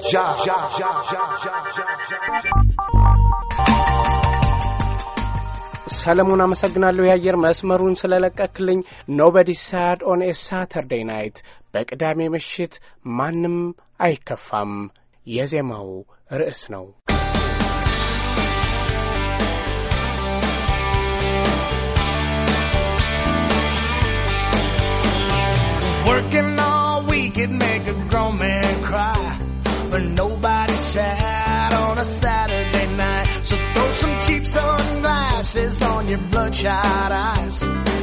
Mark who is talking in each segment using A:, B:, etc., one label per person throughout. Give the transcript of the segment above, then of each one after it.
A: já, já, já, já, já, já, já.
B: ሰለሞን አመሰግናለሁ የአየር መስመሩን ስለለቀክልኝ። ኖበዲ ሳድ ኦን ኤ ሳተርዴይ ናይት በቅዳሜ ምሽት ማንም አይከፋም የዜማው ርዕስ ነው።
A: Working all week, it make a grown man cry. but nobody sad on a Saturday night. So throw some cheap sunglasses on your bloodshot eyes,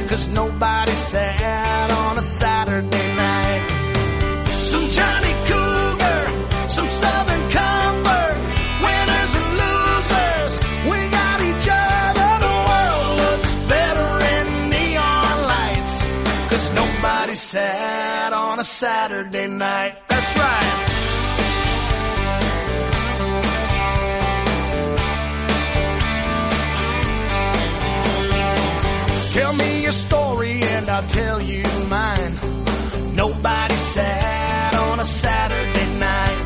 A: cause nobody sad on a Saturday night. Some Johnny Cougar, some Southern Comfort, winners and losers, we got each other. The world looks better in neon lights, cause nobody sad on a Saturday night. Tell me your story and I'll tell you mine. Nobody's sad on a Saturday night.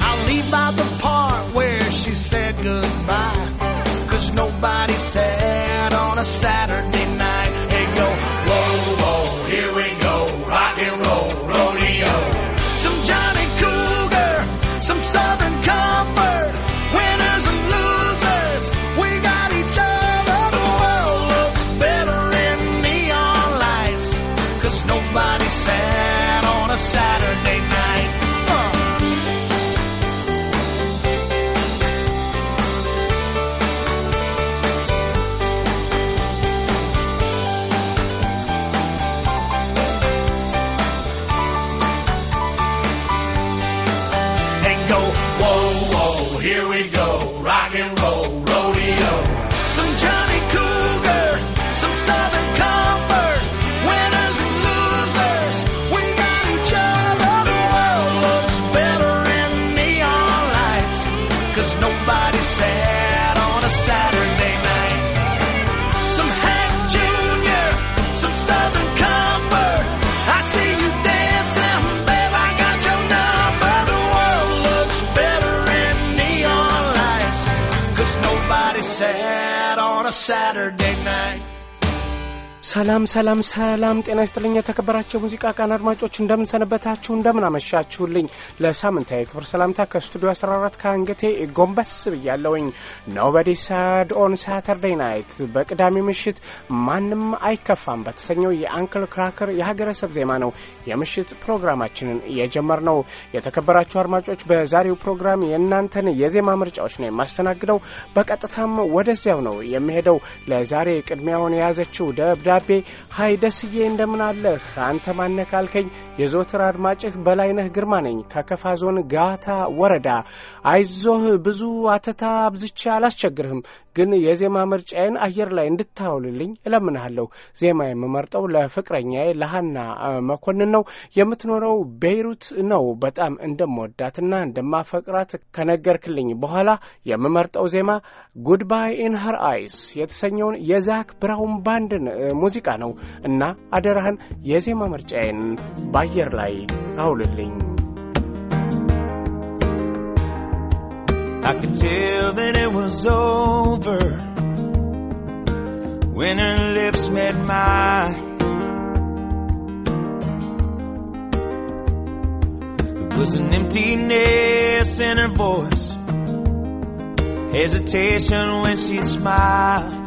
A: I'll leave out the part where she said goodbye. Cause nobody's sad on a Saturday night. Hey, go, whoa, whoa, here we go, rock and roll.
B: ሰላም ሰላም ሰላም፣ ጤና ይስጥልኝ የተከበራቸው የሙዚቃ ቃን አድማጮች እንደምን አመሻችሁልኝ? ለሳምንታዊ ክብር ሰላምታ ከስቱዲዮ 14 ከአንገቴ ጎንበስ ብያለውኝ። ኖበዲ ሳድ ኦን ሳተርዴይ ናይት በቅዳሜ ምሽት ማንም አይከፋም በተሰኘው የአንክል ክራከር የሀገረሰብ ዜማ ነው የምሽት ፕሮግራማችንን ነው። የተከበራችሁ አድማጮች፣ በዛሬው ፕሮግራም የእናንተን የዜማ ምርጫዎች ነው የማስተናግደው። በቀጥታም ወደዚያው ነው የሚሄደው። ለዛሬ ቅድሚያውን የያዘችው ደብዳ ደብዳቤ ሀይ ደስዬ እንደምን አለህ አንተ ማነህ የዘወትር አድማጭህ በላይነህ ግርማ ነኝ ከከፋ ዞን ጋታ ወረዳ። አይዞህ ብዙ አተታ አብዝቼ አላስቸግርህም፣ ግን የዜማ ምርጫዬን አየር ላይ እንድታውልልኝ እለምንሃለሁ። ዜማ የምመርጠው ለፍቅረኛዬ ለሀና መኮንን ነው። የምትኖረው ቤይሩት ነው። በጣም እንደምወዳትና እንደማፈቅራት ከነገርክልኝ በኋላ የምመርጠው ዜማ ጉድባይ ኢን ሀር አይስ የተሰኘውን የዛክ ብራውን ባንድን ሙዚቃ ሙዚቃ ነው እና አደራህን የዜማ ምርጫዬን በአየር ላይ አውልልኝ።
C: I could tell that it was over when her lips met mine. There was an emptiness in her voice, hesitation when she smiled.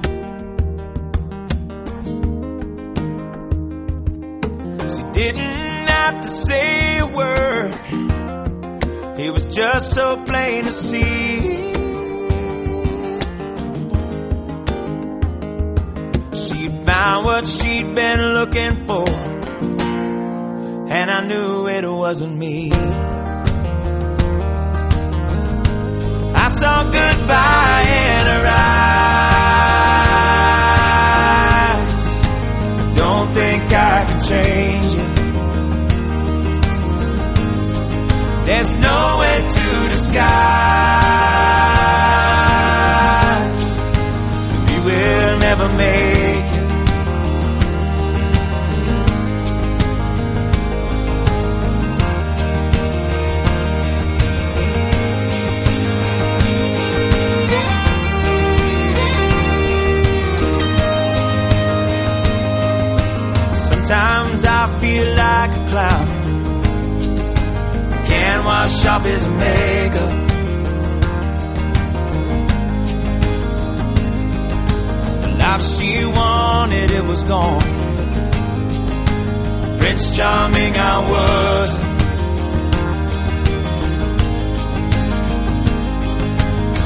C: didn't have to say a word. It was just so plain to see. She found what she'd been looking for, and I knew it wasn't me. I saw goodbye in her eyes. don't think I can change. sky. my shop is a mega. The life she wanted, it was gone. Prince Charming, I was.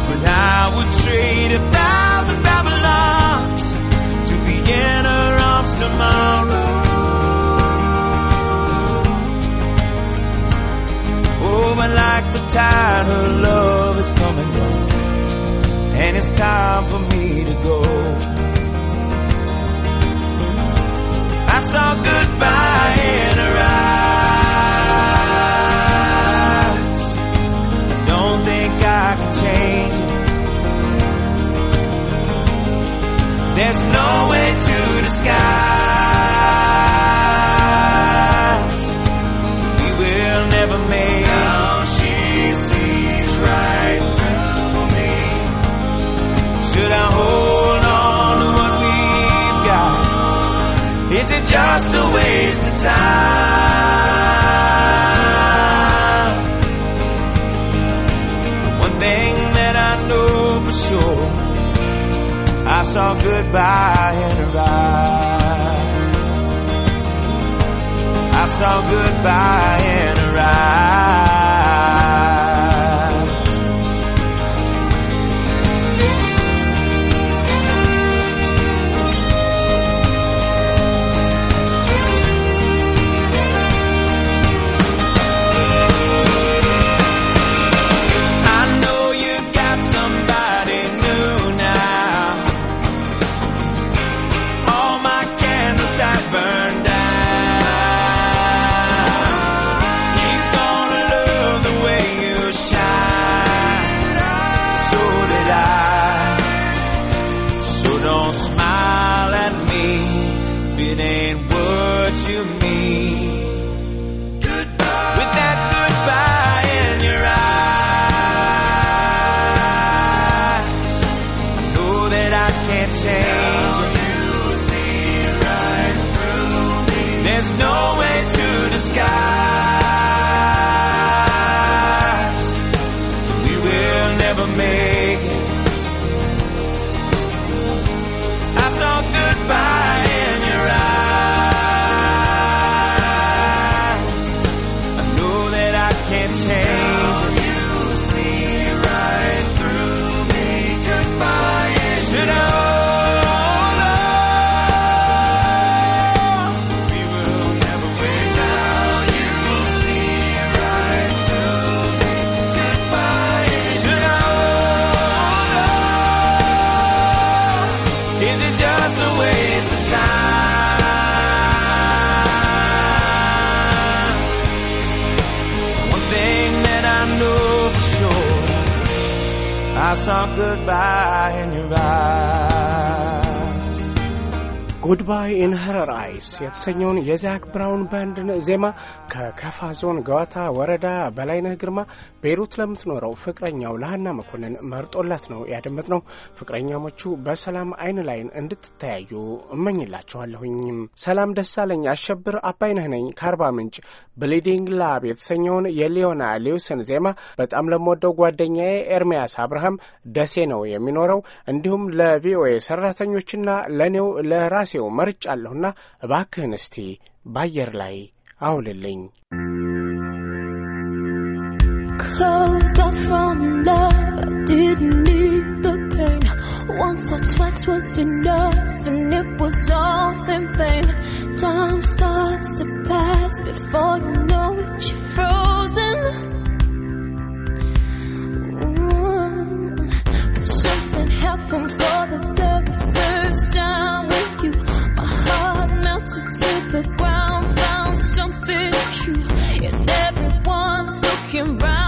C: But I would trade it tired, her love is coming gone. And it's time for me to go. I saw goodbye in her eyes. don't think I can change it. There's no way to disguise. just a waste of time. One thing that I know for sure, I saw goodbye in her eyes. I saw goodbye in her eyes.
B: የተሰኘውን የዛክ ብራውን ባንድ ዜማ ከከፋ ዞን ገዋታ ወረዳ በላይነህ ግርማ ቤይሩት ለምትኖረው ፍቅረኛው ለሀና መኮንን መርጦላት ነው ያደመጥነው። ፍቅረኛሞቹ በሰላም አይን ላይን እንድትተያዩ እመኝላችኋለሁኝም። ሰላም ደሳለኝ አሸብር አባይነህ ነኝ ከአርባ ምንጭ። ብሊዲንግ ላብ የተሰኘውን የሊዮና ሊውስን ዜማ በጣም ለምወደው ጓደኛዬ ኤርሚያስ አብርሃም ደሴ ነው የሚኖረው። እንዲሁም ለቪኦኤ ሰራተኞችና ለእኔው ለራሴው መርጫ አለሁና እባክ እባክህን እስቲ ላይ አውልልኝ።
D: Closed off from love, I didn't need the pain. Once or twice was enough, and it was all in vain. Time starts to pass before you know it, you're frozen. Mm -hmm. Something happened for the can run.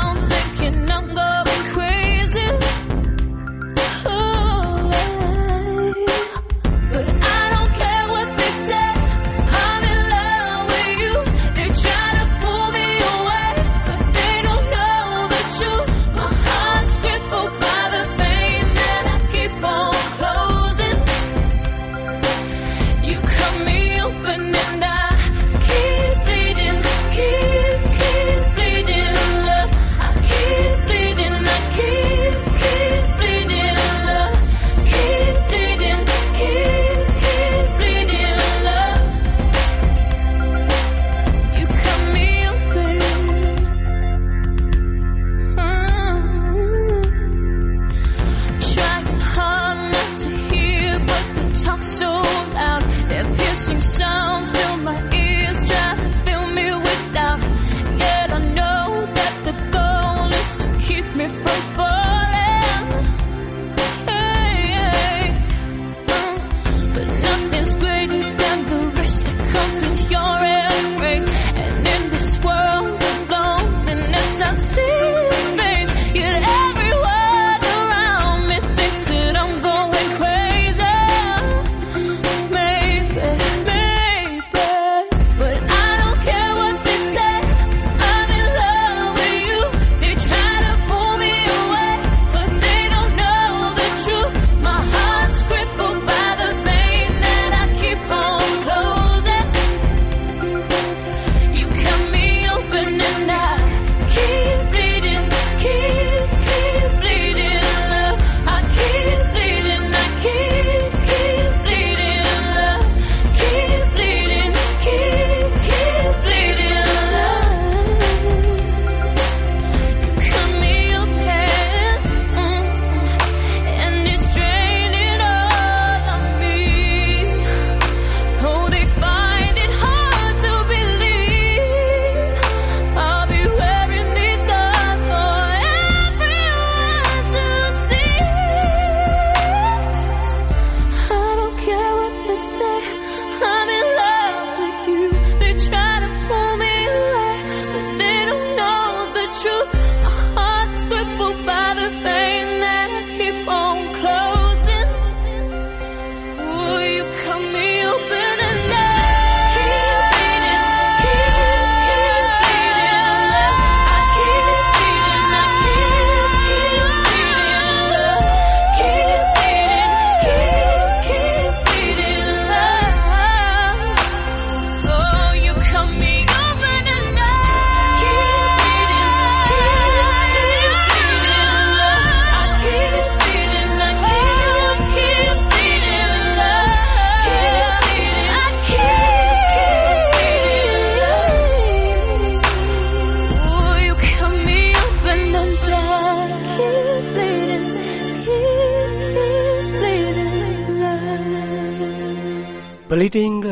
B: කලිටෙංග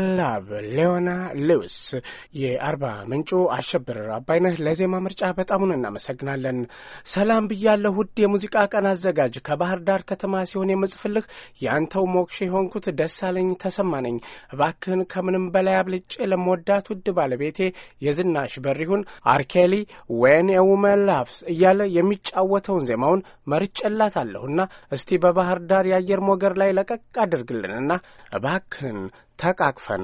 B: ሌዊስ። የአርባ ምንጩ አሸብር አባይነህ ለዜማ ምርጫ በጣሙን እናመሰግናለን። ሰላም ብያለሁ ውድ የሙዚቃ ቀን አዘጋጅ ከባህር ዳር ከተማ ሲሆን የምጽፍልህ ያንተው ሞክሽ የሆንኩት ደሳለኝ ተሰማነኝ። እባክህን ከምንም በላይ አብልጬ ለመወዳት ውድ ባለቤቴ የዝናሽ በሪሁን አርኬሊ ወን ኤውመን እያለ የሚጫወተውን ዜማውን መርጬላታለሁና እስቲ በባህር ዳር የአየር ሞገድ ላይ ለቀቅ አድርግልንና እባክህን ተቃቅፈን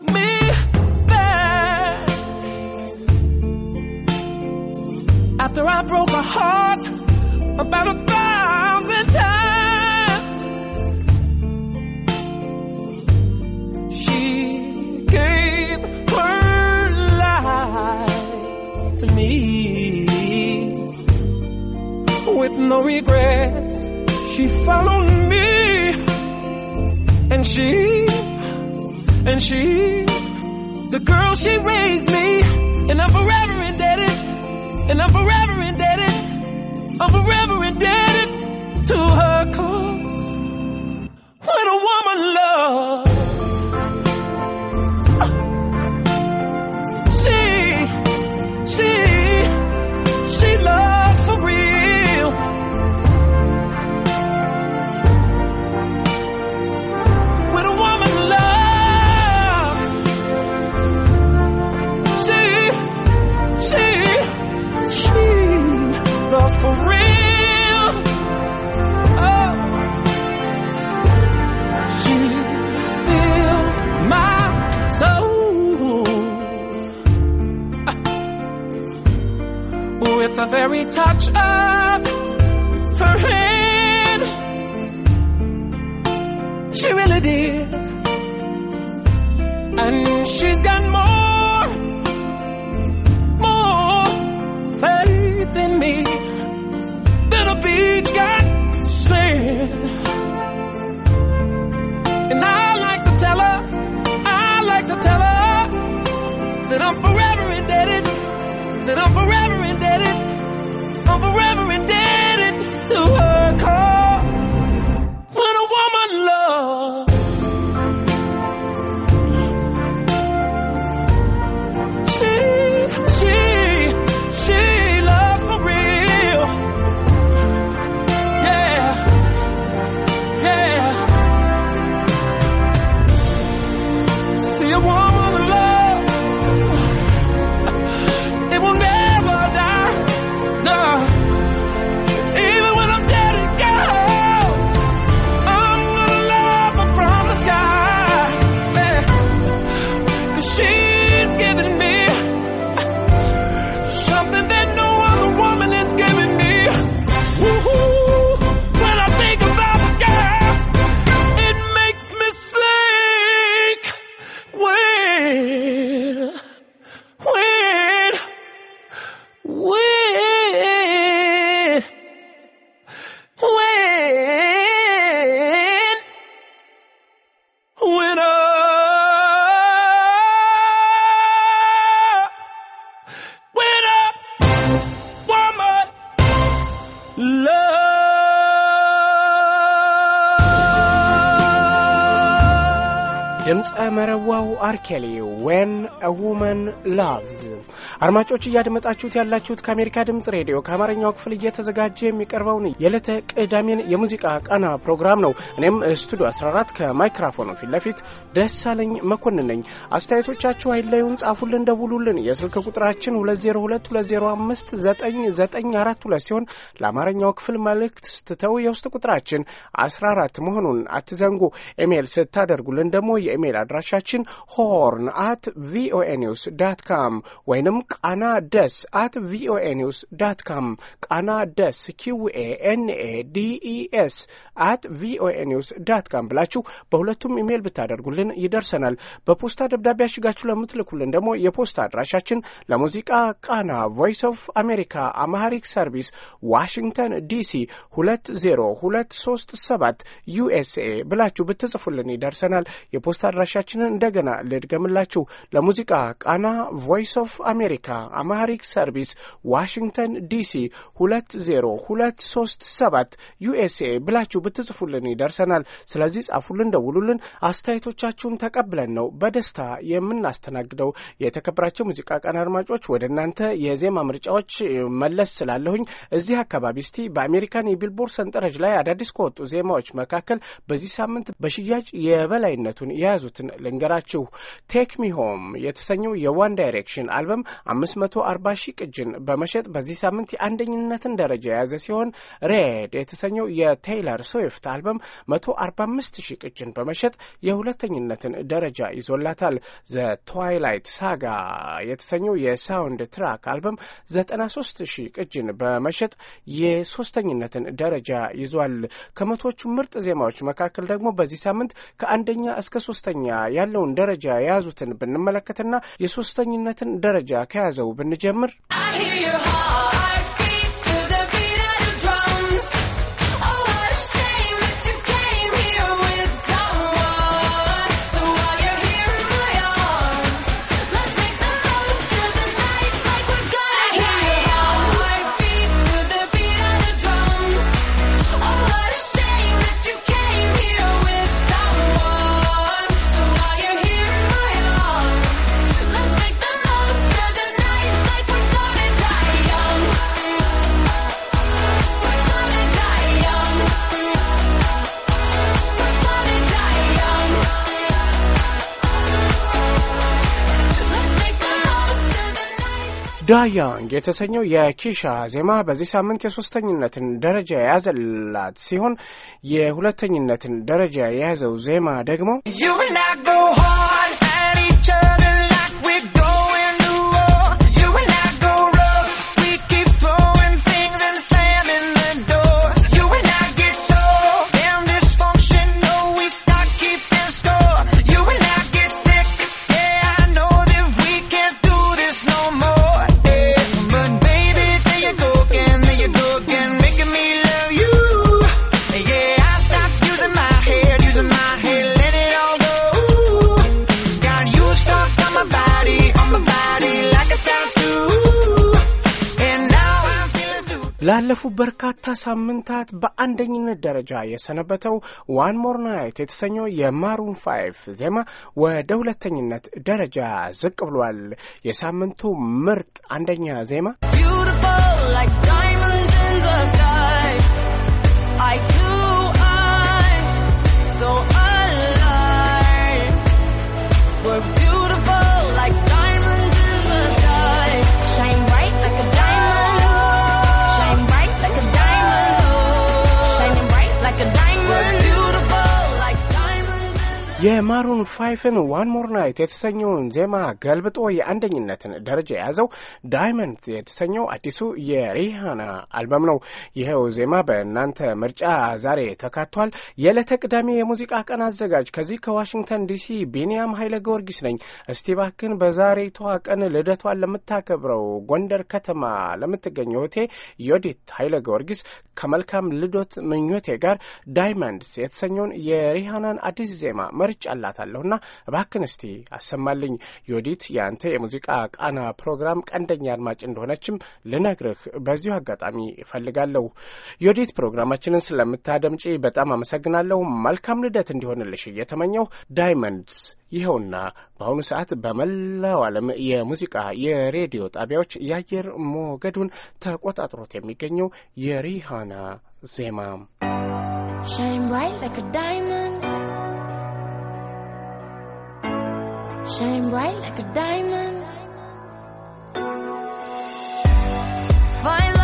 D: me back. After I broke my heart about a thousand times, she gave her life to me with no regrets. She followed me and she and she, the girl, she raised me. And I'm forever indebted. And I'm forever indebted. I'm forever indebted to her cause. for real. Oh, you fill my soul with the very touch of. Number.
B: ዜማው አርኬሊ ዌን ውመን ላቭዝ። አድማጮች እያደመጣችሁት ያላችሁት ከአሜሪካ ድምፅ ሬዲዮ ከአማርኛው ክፍል እየተዘጋጀ የሚቀርበውን የዕለተ ቅዳሜን የሙዚቃ ቃና ፕሮግራም ነው። እኔም ስቱዲዮ 14 ከማይክራፎኑ ፊት ለፊት ደሳለኝ መኮንን ነኝ። አስተያየቶቻችሁ አይለዩን፣ ጻፉልን፣ ደውሉልን። የስልክ ቁጥራችን 2022059942 ሲሆን ለአማርኛው ክፍል መልእክት ስትተው የውስጥ ቁጥራችን 14 መሆኑን አትዘንጉ። ኢሜይል ስታደርጉልን ደግሞ የኢሜይል አድራሻችን ሆርን አት ቪኦኤ ኒውስ ዳት ካም ወይንም ቃና ደስ አት ቪኦኤ ኒውስ ዳት ካም ቃና ደስ ኪውኤ ኤንኤ ዲኢኤስ አት ቪኦኤ ኒውስ ዳት ካም ብላችሁ በሁለቱም ኢሜይል ብታደርጉልን ይደርሰናል። በፖስታ ደብዳቤ ያሽጋችሁ ለምትልኩልን ደግሞ የፖስታ አድራሻችን ለሙዚቃ ቃና ቮይስ ኦፍ አሜሪካ አማሃሪክ ሰርቪስ ዋሽንግተን ዲሲ ሰባት ዩኤስኤ ብላችሁ ብትጽፉልን ይደርሰናል። የፖስታ አድራሻችንን እንደገ እንደገና ልድገምላችሁ። ለሙዚቃ ቃና ቮይስ ኦፍ አሜሪካ አማሪክ ሰርቪስ ዋሽንግተን ዲሲ 20237 ዩኤስኤ ብላችሁ ብትጽፉልን ይደርሰናል። ስለዚህ ጻፉልን፣ ደውሉልን። አስተያየቶቻችሁን ተቀብለን ነው በደስታ የምናስተናግደው። የተከበራቸው ሙዚቃ ቃና አድማጮች ወደ እናንተ የዜማ ምርጫዎች መለስ ስላለሁኝ እዚህ አካባቢ እስቲ በአሜሪካን የቢልቦርድ ሰንጠረዥ ላይ አዳዲስ ከወጡ ዜማዎች መካከል በዚህ ሳምንት በሽያጭ የበላይነቱን የያዙትን ልንገራችሁ። ናችሁ። ቴክ ሚ ሆም የተሰኘው የዋን ዳይሬክሽን አልበም አርባ ሺህ ቅጅን በመሸጥ በዚህ ሳምንት የአንደኝነትን ደረጃ የያዘ ሲሆን ሬድ የተሰኘው የቴይለር ስዊፍት አልበም አምስት ሺህ ቅጅን በመሸጥ የሁለተኝነትን ደረጃ ይዞላታል። ዘ ትዋይላይት ሳጋ የተሰኘው የሳውንድ ትራክ አልበም ሶስት ሺህ ቅጅን በመሸጥ የሶስተኝነትን ደረጃ ይዟል። ከመቶዎቹ ምርጥ ዜማዎች መካከል ደግሞ በዚህ ሳምንት ከአንደኛ እስከ ሶስተኛ ያለውን ደረጃ የያዙትን ብንመለከትና የሶስተኝነትን ደረጃ ከያዘው ብንጀምር ዳያንግ የተሰኘው የኪሻ ዜማ በዚህ ሳምንት የሶስተኝነትን ደረጃ የያዘላት ሲሆን የሁለተኝነትን ደረጃ የያዘው ዜማ ደግሞ ላለፉት በርካታ ሳምንታት በአንደኝነት ደረጃ የሰነበተው ዋን ሞር ናይት የተሰኘው የማሩን ፋይፍ ዜማ ወደ ሁለተኝነት ደረጃ ዝቅ ብሏል። የሳምንቱ ምርጥ አንደኛ ዜማ የማሩን ፋይፍን ዋን ሞር ናይት የተሰኘውን ዜማ ገልብጦ የአንደኝነትን ደረጃ የያዘው ዳይመንድ የተሰኘው አዲሱ የሪሃና አልበም ነው። ይኸው ዜማ በእናንተ ምርጫ ዛሬ ተካቷል። የዕለተ ቅዳሜ የሙዚቃ ቀን አዘጋጅ ከዚህ ከዋሽንግተን ዲሲ ቢንያም ኃይለ ጊዮርጊስ ነኝ። እስቲ ባክን በዛሬቷ ቀን ልደቷን ለምታከብረው ጎንደር ከተማ ለምትገኝ እህቴ ዮዲት ኃይለ ጊዮርጊስ ከመልካም ልደት ምኞቴ ጋር ዳይመንድስ የተሰኘውን የሪሃናን አዲስ ዜማ መርጫላታለሁና እባክን እስቲ አሰማልኝ። ዮዲት የአንተ የሙዚቃ ቃና ፕሮግራም ቀንደኛ አድማጭ እንደሆነችም ልነግርህ በዚሁ አጋጣሚ እፈልጋለሁ። ዮዲት ፕሮግራማችንን ስለምታደምጪ በጣም አመሰግናለሁ። መልካም ልደት እንዲሆንልሽ እየተመኘው ዳይመንድስ ይኸውና በአሁኑ ሰዓት በመላው ዓለም የሙዚቃ የሬዲዮ ጣቢያዎች የአየር ሞገዱን ተቆጣጥሮት የሚገኘው የሪሃና ዜማ
D: Shine bright like a diamond shine bright like a diamond. Finally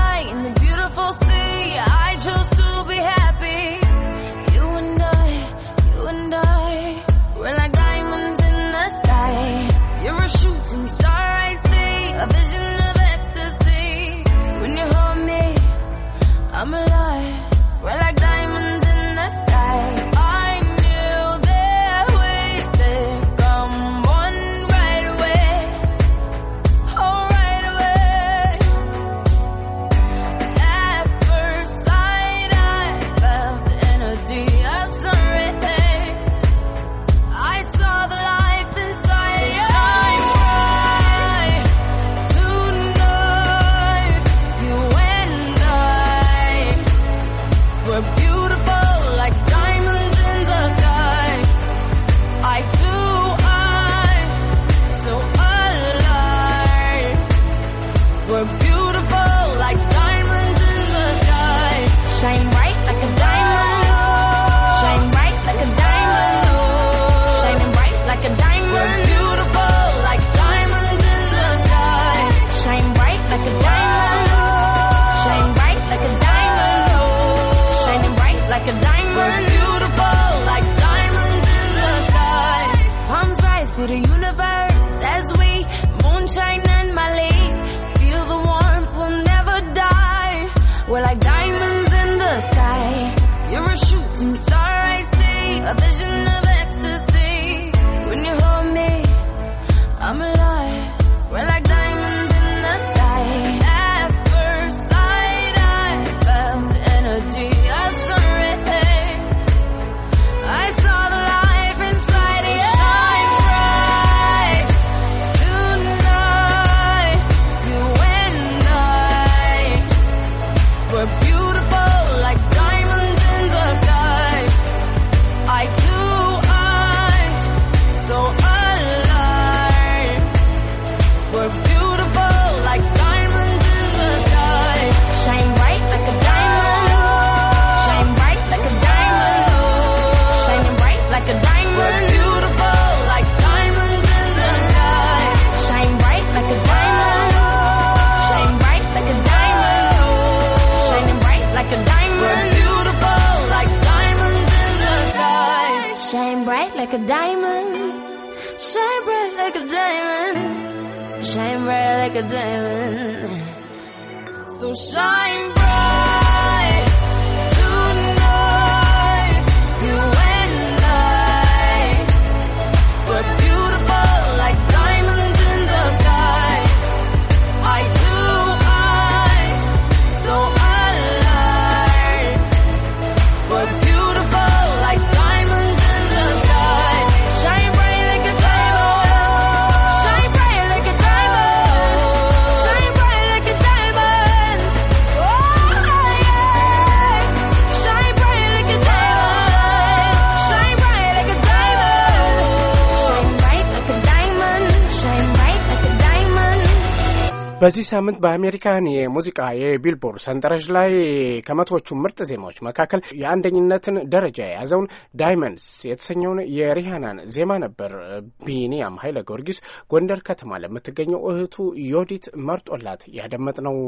D: shine bright like a diamond. So shine bright.
B: በዚህ ሳምንት በአሜሪካን የሙዚቃ የቢልቦርድ ሰንጠረዥ ላይ ከመቶዎቹ ምርጥ ዜማዎች መካከል የአንደኝነትን ደረጃ የያዘውን ዳይመንድስ የተሰኘውን የሪሃናን ዜማ ነበር ቢኒያም ኃይለ ጊዮርጊስ ጎንደር ከተማ ለምትገኘው እህቱ ዮዲት መርጦላት ያደመጥ ነው።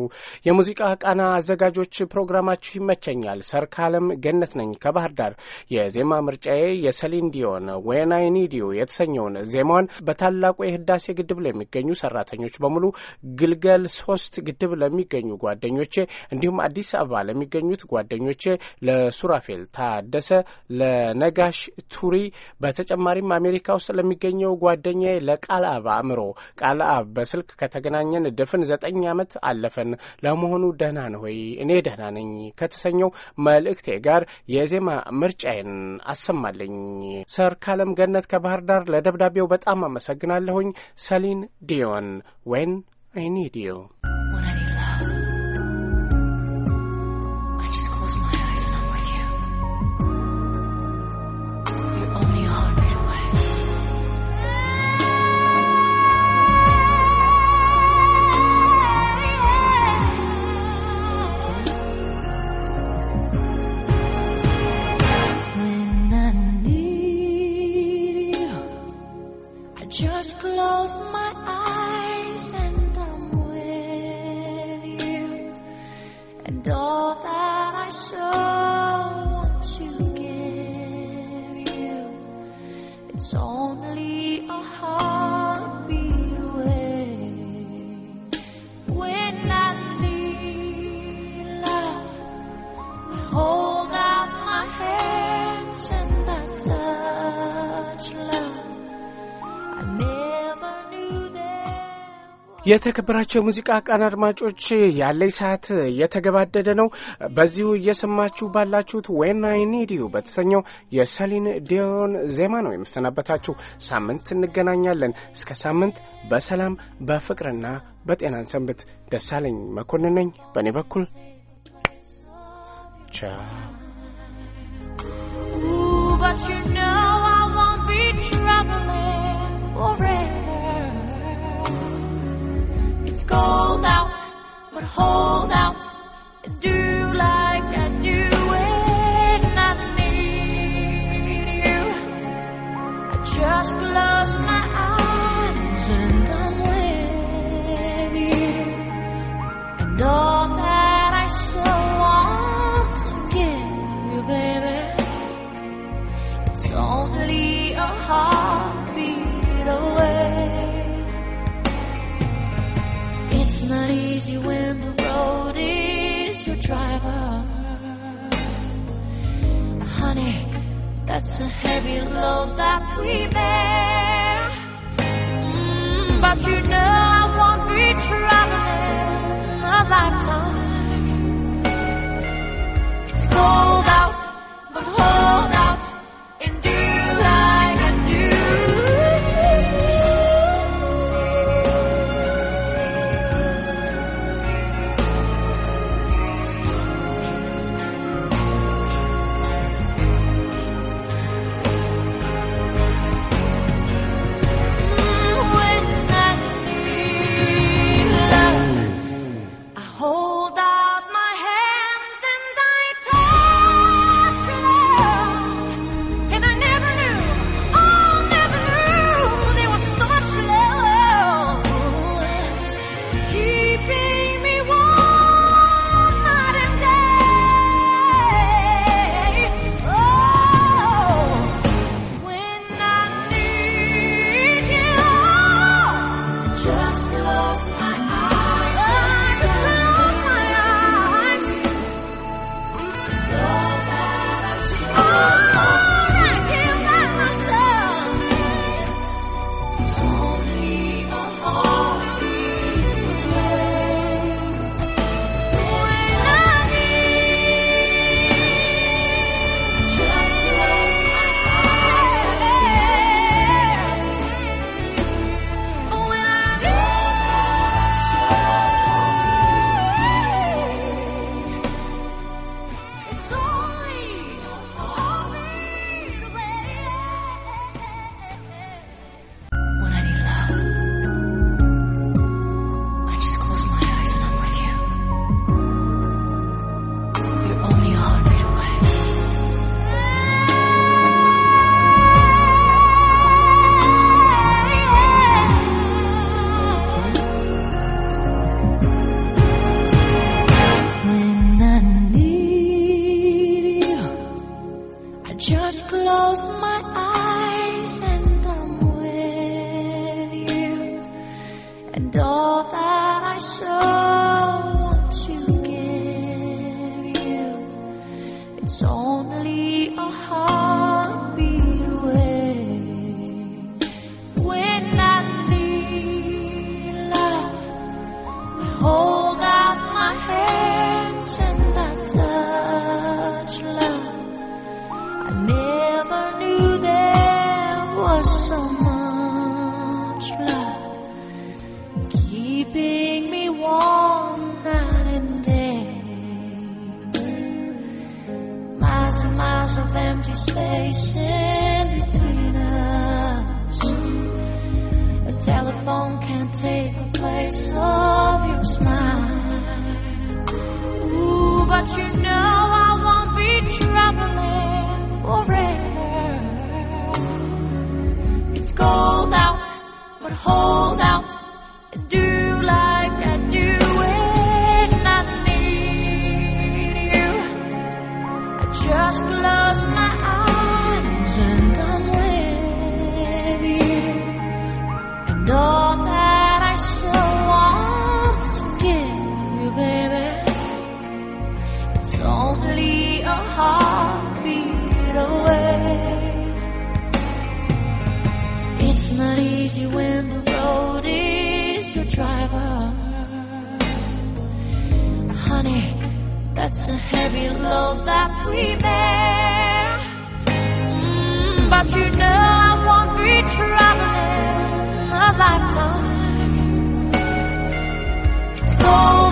B: የሙዚቃ ቃና አዘጋጆች ፕሮግራማችሁ ይመቸኛል። ሰርካለም ገነት ነኝ ከባህር ዳር። የዜማ ምርጫዬ የሰሊን ዲዮን ዌን አይ ኒድ ዩ የተሰኘውን ዜማዋን በታላቁ የህዳሴ ግድብ ላይ የሚገኙ ሰራተኞች በሙሉ ግልግ መስቀል ሶስት ግድብ ለሚገኙ ጓደኞቼ እንዲሁም አዲስ አበባ ለሚገኙት ጓደኞቼ ለሱራፌል ታደሰ፣ ለነጋሽ ቱሪ በተጨማሪም አሜሪካ ውስጥ ለሚገኘው ጓደኛ ለቃል አብ አእምሮ ቃል አብ በስልክ ከተገናኘን ድፍን ዘጠኝ ዓመት አለፈን። ለመሆኑ ደህና ነህ ወይ? እኔ ደህና ነኝ ከተሰኘው መልእክቴ ጋር የዜማ ምርጫዬን አሰማለኝ። ካለም ገነት ከባህር ዳር ለደብዳቤው በጣም አመሰግናለሁኝ። ሰሊን ዲዮን ወይን I need you. የተከበራቸው የሙዚቃ ቃና አድማጮች ያለኝ ሰዓት እየተገባደደ ነው። በዚሁ እየሰማችሁ ባላችሁት ዌን አይ ኒድ ዩ በተሰኘው የሰሊን ዲዮን ዜማ ነው የምሰናበታችሁ። ሳምንት እንገናኛለን። እስከ ሳምንት በሰላም በፍቅርና በጤናን ሰንብት። ደሳለኝ መኮንን ነኝ። በእኔ በኩል ቻው።
D: It's cold out, but hold out and do love. when the road is your driver. Honey, that's a heavy load that we bear. Mm, but you know I won't be traveling a lifetime. It's cold out. It's only a heart. space in between us. A telephone can't take the place of your smile. Ooh, but you know I won't be traveling forever. It's cold out, but hold. when the road is your driver. Honey, that's a heavy load that we bear. Mm, but you know I won't be traveling a lifetime. It's cold.